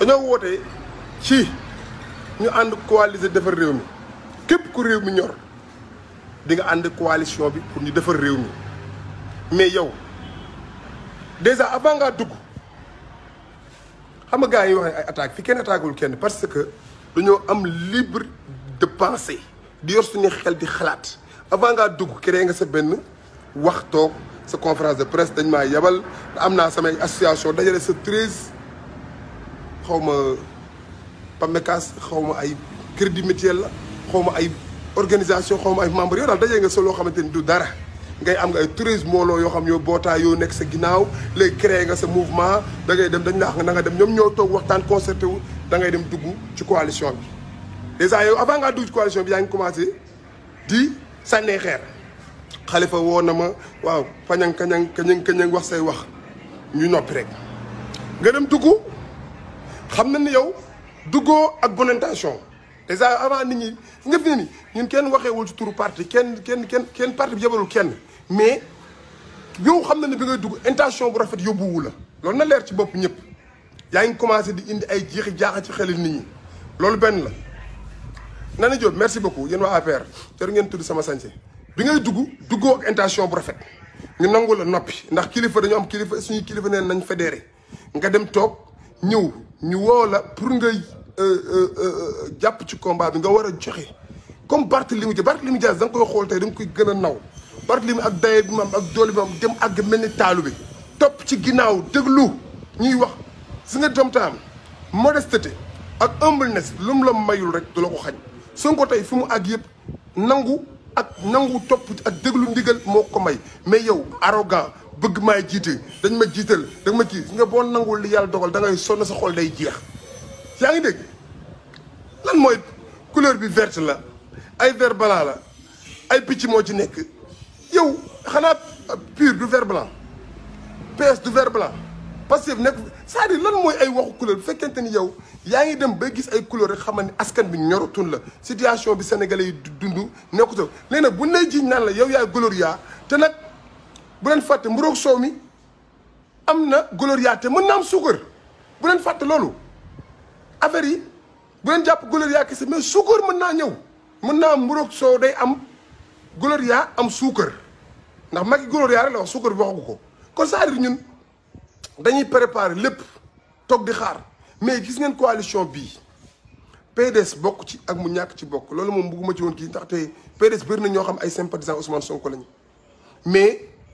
dañoo woote ci ñu ànd coaliser defar réew mi képp ku réew mi ñor di nga ànd coalition bi pour ñu defar réew mi mais yow déjà avant ngaa dugg xam nga gars yi wax ay attaque fi kenn attaquewul kenn parce que dañoo am libre de penser di yor suñu xel di xalaat avant ngaa dugg keree nga sa benn wax toog sa conférence de presse dañ maa yebal am naa samay association dajale sa treize xaw ma PAMECAS xaw ma ay crédit mutuel la xaw ma ay organisation xaw ma ay membre yoo daal dajee nga sa loo xamante ni du dara ngay am nga ay tourisme mbooloo yoo xam yoo bootaay yoo nekk sa ginnaaw léegi créé nga sa mouvement da ngay dem dañ la wax na nga dem ñoom ñoo toog waxtaan concerté wu da ngay dem dugg ci coalition bi dèjà yow avant ngaa dugg ci coalition bi yaa ngi commencé di sànnee xeer xalifa woo na ma waaw fañang kañang kañang kañang wax say wax ñu noppi rek xam na ni yow duggoo ak bonne intention déjà avant nit ñi nga fi ne ni ñun kenn waxeewul ci turu parti kenn kenn kenn kenn parti bi kenn mais yow xam na ne bi ngay dugg intention bu rafet yóbbuwu la loolu na leer ci bopp ñëpp yaa ngi commencé di indi ay jeexi jaaxa ci xel nit ñi loolu benn la Nana Diop merci beaucoup yéen waa APR jërë ngeen tudd sama sañse bi ngay dugg duggoo ak intention bu rafet ñu nangu la noppi ndax kilifa dañu am kilifa suñu kilifa neen nañ fédéré nga dem toog ñëw ñu woo la pour nga euh, euh, euh, jàpp ci combat bi nga war a joxe comme Barthélemy li mu Dias da nga koy xool tey da nga koy gën a naw Barthélemy ak daye bi maam ak doole bi maam dem àgg mel ni taalu bi topp ci ginnaaw déglu ñuy wax si nga dom taam modesté ak humbleness lu mu la mayul rek du la ko xañ Sonko tey fi mu àgg yëpp nangu ak nangu topp ak déglu ndigal moo ko may mais yow arrogant bëgg maay jiite dañ ma jiital dañ ma ci nga boo nangul li yàlla dogal dangay ngay sonn sa xool day jeex yaa ngi dégg lan mooy couleur bi vert la ay vert blanc la ay picc moo ci nekk yow xanaa pur du vert blanc PS du vert blanc Pastef nekk c'est-à-dire lan mooy ay waxu couleur bu fekkente ni yow yaa ngi dem bay gis ay couleur xamal ni askan bi ñorutun la situation bi sénégalais yi dund nekkuta léegi nag buñ lay jiiñ naan la yow yaay gloria te nag bu leen fàtte mburoog soow mi am na gloria te mën na am suukar bu leen fàtte loolu affaire yi bu leen jàpp gloria kese mais suukar mën naa ñëw mën naa am mburoog soow day am gloria am suukar ndax mag magi gloria rek la wax suukar bi waxu ko kon cest ñun dañuy préparer lépp toog di xaar mais gis ngeen coalition bii PDS bokk ci ak mu ñàkk ci bokk loolu moom bëgguma ci woon kii ndaxte PDS bëri ñoo xam ay sympathisants Ousmane Sonko lañu mais.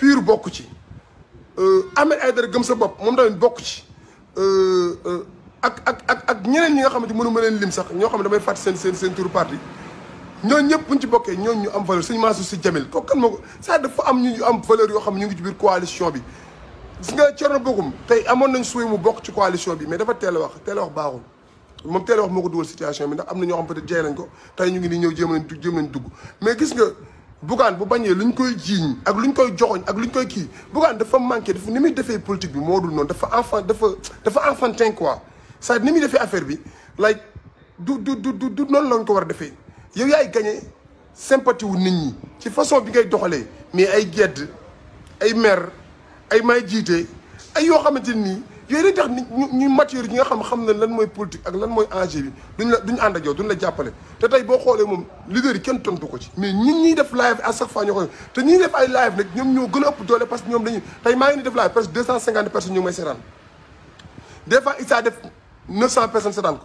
pur bokk ci euh, Ahmed Aïdara gëm sa bopp moom tamit bokk ci euh, euh, ak ak ak ak ñeneen ñi nga xamante mënu ma leen lim sax ñoo xam ne damay fàttali seen seen seen turu parti ñooñu ñëpp buñ bokkee ñooñu ñu am valeur sëñ Mansour Sy Djamil kooku kan moo ko ça dafa ñu am valeur yoo xam ne ñu ngi ci biir coalition bi gis nga Thierno Bocoum tey amoon nañ suy mu bokk ci coalition bi mais dafa teel wax teel a wax baaxul moom teel a wax moo bi ndax am na ñoo xam peut-être ko tey ñu ngi nii ñëw jéem nañ jéem nañ dugg mais gis nga Bougane bu bañee lu ñu koy jiiñ ak lu ñu koy joxoñ ak lu ñu koy kii Bougane dafa manqué dafa ni muy defee politique bi moo dul noonu dafa enfant dafa dafa enfantin quoi cest à ni muy defee affaire bi like du du du du lañ ko war a defee yow yaay gagné sympathie wu nit ñi ci façon bi ngay doxalee mais ay gedd ay mer ay may jiite ay yoo xamante nii yooyu day tax nit ñu mature ñi nga xam xam ne lan mooy politique ak lan mooy enjeu bi duñ la duñ ànd ak yow duñ la jàppale te tey boo xoolee moom liggéey kenn tontu ko ci mais ñun ñuy def live à chaque fois ñoo ko te ñuy def ay live nag ñoom ñoo gën a ëpp doole parce que ñoom dañuy tey maa ngi ni def live presque deux cent cinquante personnes ñu may seetaan des fois il saa def neuf cent personnes seetaan ko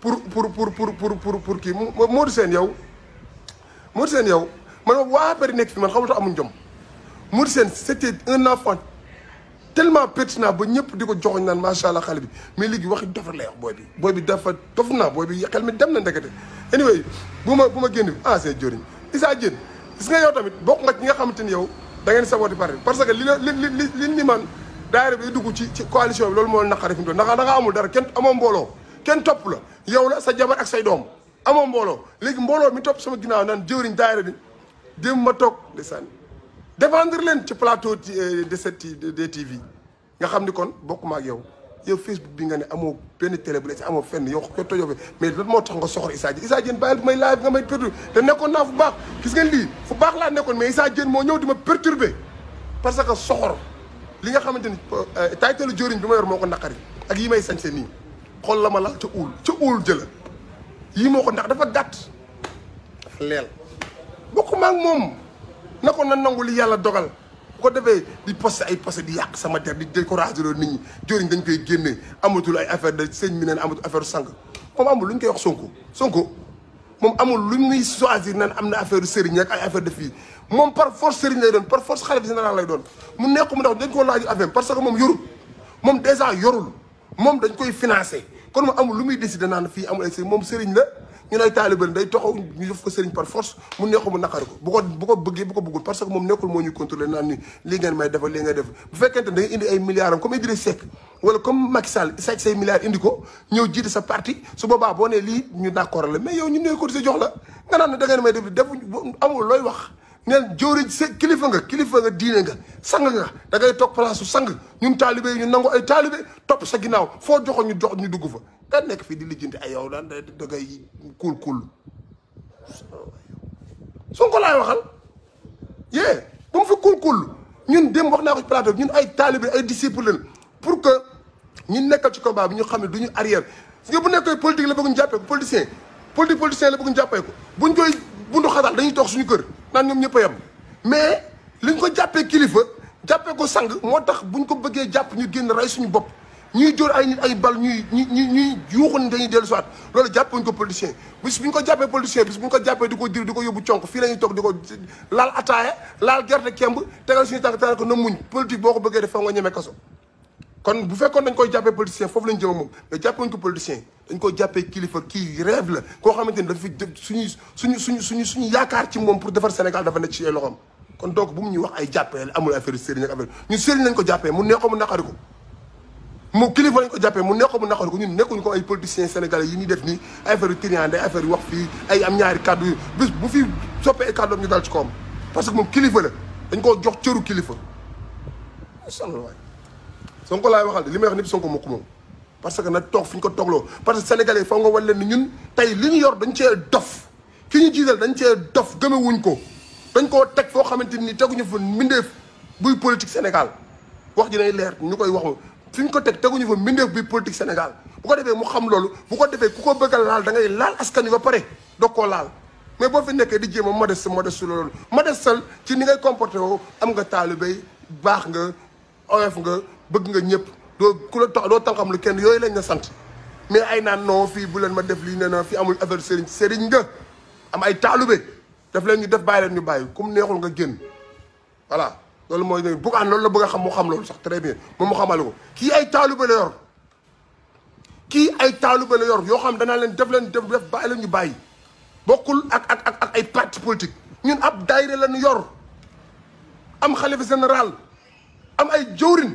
pour pour pour pour pour pour pour kii Modou Sène yow Modou Sène yow man waa bëri nekk fi man xamatu amuñ jom Modou Sène c'était un enfant tellement pertinent ba ñëpp di ko joxoñ naan macha allah xale bi mais léegi waxi dofa lay wax booy bi booy bi dafa dof naa booy bi xel mi dem na ndekete anyway bu ma bu ma génn ah c'est joriñ Issa Diène gis nga yow tamit bokk nga ci nga xamante ni yow da ngeen sabooti parti parce que li la li li li li man daayira bi dugg ci ci coalition bi loolu moo naqari fi mu toll ndax da nga amul dara kenn amoo mbooloo kenn topp la yow la sa jabar ak say doom amoo mbooloo léegi mbooloo mi topp sama ginnaaw naan jëwriñ daayira bi démb ma toog ndeysaan défendre leen ci plateau euh, de cette de TV nga xam ni kon bokk ak yow yow Facebook bi nga ne amoo benn télé bu la ci amoo fenn yow ko tojoo mais lan moo tax nga soxor Issa Diène Issa Diène may live nga may perturbé te nekkoon naa fu baax gis ngeen lii fu baax laa nekkoon mais Issa Diène moo ñëw di ma perturbé parce que soxor li nga xamante ni euh, taytalu jëwriñ bi ma yor moo ko naqari ak yi may sañse nii xool la ma la ca uul ca uul jëla yii moo ko ndax dafa gàtt dafa leel bokkuma ak moom na ko na nangu li yàlla dogal bu ko defee di posté ay posté di yàq sama der di découragé loo nit ñi joriñ dañ koy génne amatul ay affaire de sëñ mi neen amatul affaire sang moom amul lu ñu koy wax sonko sonko moom amul lu muy choisir naan am na affaire sëriñ rek ay affaire de fii moom par force sëriñ lay doon par force xalifa général lay doon mu nekk mu ndax dañ ko laaj affaire parce que moom yorul moom dèjà yorul moom dañ koy financé kon mu amul lu muy décidé naan fii amul ay sëriñ la ñu lay taalibe day toxaw ñu def ko sëriñ par force mu neexu mu naqari ko bu ko bu ko bu ko bëggul parce que moom nekkul moo ñu contrôler naan ni lii ngeen may defal lii ngay def bu fekkente ne da nga indi ay milliards am comme Idriss Seck wala comme Macky Sall sàcc say milliards indi ko ñëw jiite sa parti su boobaa boo nee lii ñu d'accord la mais yow ñu ñooy cotiser jox la nga naan ne da ngeen may def defu amul looy wax neen jëwriñ se kilifa nga kilifa nga diine nga sang nga da toog place sang ñun taalibe yi ñu nangu ay taalibe topp sa ginnaaw foo joxoon ñu jox ñu dugg fa nga nekk fii di lijjanti ay yow daan da ngay kuul kuul Sonko laay waxal yee bu ñun dem wax naa ko ci ñun ay taalibe ay disciple lañ pour que ñu nekkal ci combat bi ñu xam ne du ñu arrière parce que bu nekkoy politique la bëgg ñu ko politicien politique la bëgg ñu jàppee ko buñ koy bu bundu xataal dañuy toog suñu kër naan ñoom ñëpp a yem mais ñu ko jàppee kilifa jàppee ko sang moo tax bu buñ ko bëggee jàpp ñu génn rey suñu bopp ñuy dóor ay ay bal ñuy ñuy ñuy ñuy yuuxu ni dañuy dellu siwaat loolu jàppuñ ko politicien bis bu ñu ko jàppee politicien bis bu ñu ko jàppee di ko dir di ko yóbbu conk fii la ñuy toog di ko laal ataaya laal gerte kemb tegal suñu tànk tegal ko na muñ politique boo ko bëggee def nga ñeme kaso kon bu dañ koy des politicien foofu lañ jëm le mais ko politicien dañ koy jàppee kilifa rêve la koo xamante ni dafa suñu suñu suñu suñu suñu ci pour defar Sénégal dafa nekk ci ay donc bu mu ñuy wax ay amul affaire sëriñ ak affaire ñun sëriñ lañ ko jàppee mu neexoo mu naqari ko mu kilifa lañ ko mu mu ko ñun ko ay politiciens sénégalais yi ñuy def nii ay affaire yu triande affaire yu wax ay am ñaari bu fi ñu parce que mon kilifa la dañ koo jox Sonko lay waxal de li may wax ñëpp Sonko moko mom parce que na toog fi ko toogloo parce que sénégalais foog nga wan ni ñun tay liñu yor dañ ci dof ki ñu dañ ci dof gëme wuñ ko dañ ko tek fo xamanteni ni teguñu fa mbindeef buy politique Sénégal wax ji lay leer ñukoy waxu fiñ ko tek teguñu fa mbindeef buy politique Sénégal bu ko défé mu xam lolu bu ko défé ku ko bëgg laal da ngay laal askan wi ba paré doog koo laal mais bo fi nekké di jéem a modeste modeste loolu modeste ci ni ngay comporté am nga taalibe bax nga oyof nga bëgg nga ñëpp doo ku la tax talxam lu kenn yooyu lañ la sant mais ay naan non fii bu leen ma def lii nee na fii amul affaire sëriñ sëriñ nga am ay taalube daf leen ñu def bàyyi leen ñu bàyyi comme neexul nga génn voilà loolu mooy ne bugaan loolu la bëgg a xam mu xam loolu sax très bien moom mu xamale ko kii ay taalube la yor kii ay taalube la yor yoo xam danaa leen def leen def def bàyyi leen ñu bàyyi bokkul ak ak ak ak ay parti politique ñun ab daayira lañu yor am xalifa général am ay jëwrin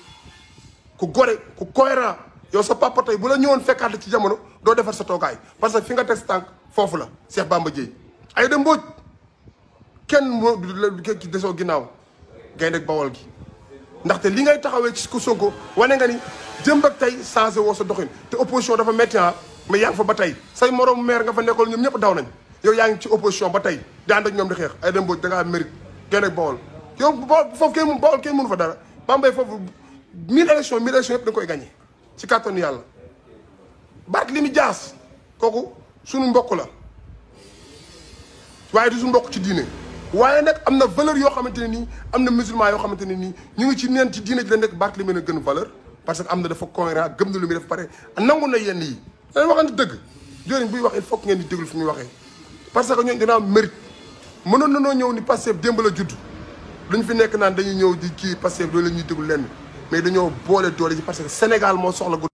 ku gore ku cohérent yow sa papa tey bu la ñëwoon fekkaat ci jamono doo defar sa toogaay parce que fi nga des sa tànk foofu la Cheikh Bamba Dièye ay da mbooj kenn moo desoo ginnaaw gaynde ak bawol gi ndaxte li ngay taxawee ci ku Sonko wane nga ni jëm ak tey changé woo sa doxin te opposition dafa métti ah. mais yaa fa ba tey say moroom maire nga fa nekkoon ñoom ñëpp daw nañ yow yaa ngi ci opposition ba tey di ànd ak ñoom di xeex ay da mbooj da ngaa mérite gaynde ak bawol yow foofu kenn mun bawol kenn mënu fa dara Bambey foofu mille élections mille élections yëpp da koy gagné ci kàttanu yàlla Barthélémy jaas kooku suñu mbokk la waaye du suñu mbokk ci diine waaye nag am na valeur yoo xamante ne nii am na musulman yoo xamante ne nii ñu ngi ci neen ci diine ji la nekk Barthélémy a gën valeur parce que am na dafa cohérent gëm na lu muy def pare nangu na yenn yi dañ waxante dëgg joriñ buy wax il faut ngeen di déglu fi muy waxee parce que ñooñu dina am mérite mënoon nanoo ñëw ni Pastef démb la judd luñ fi nekk naan dañuy ñëw di kii Pastef loolu la ñuy déglu lenn mais dañoo boole doole ji parce que Sénégal moo soxla.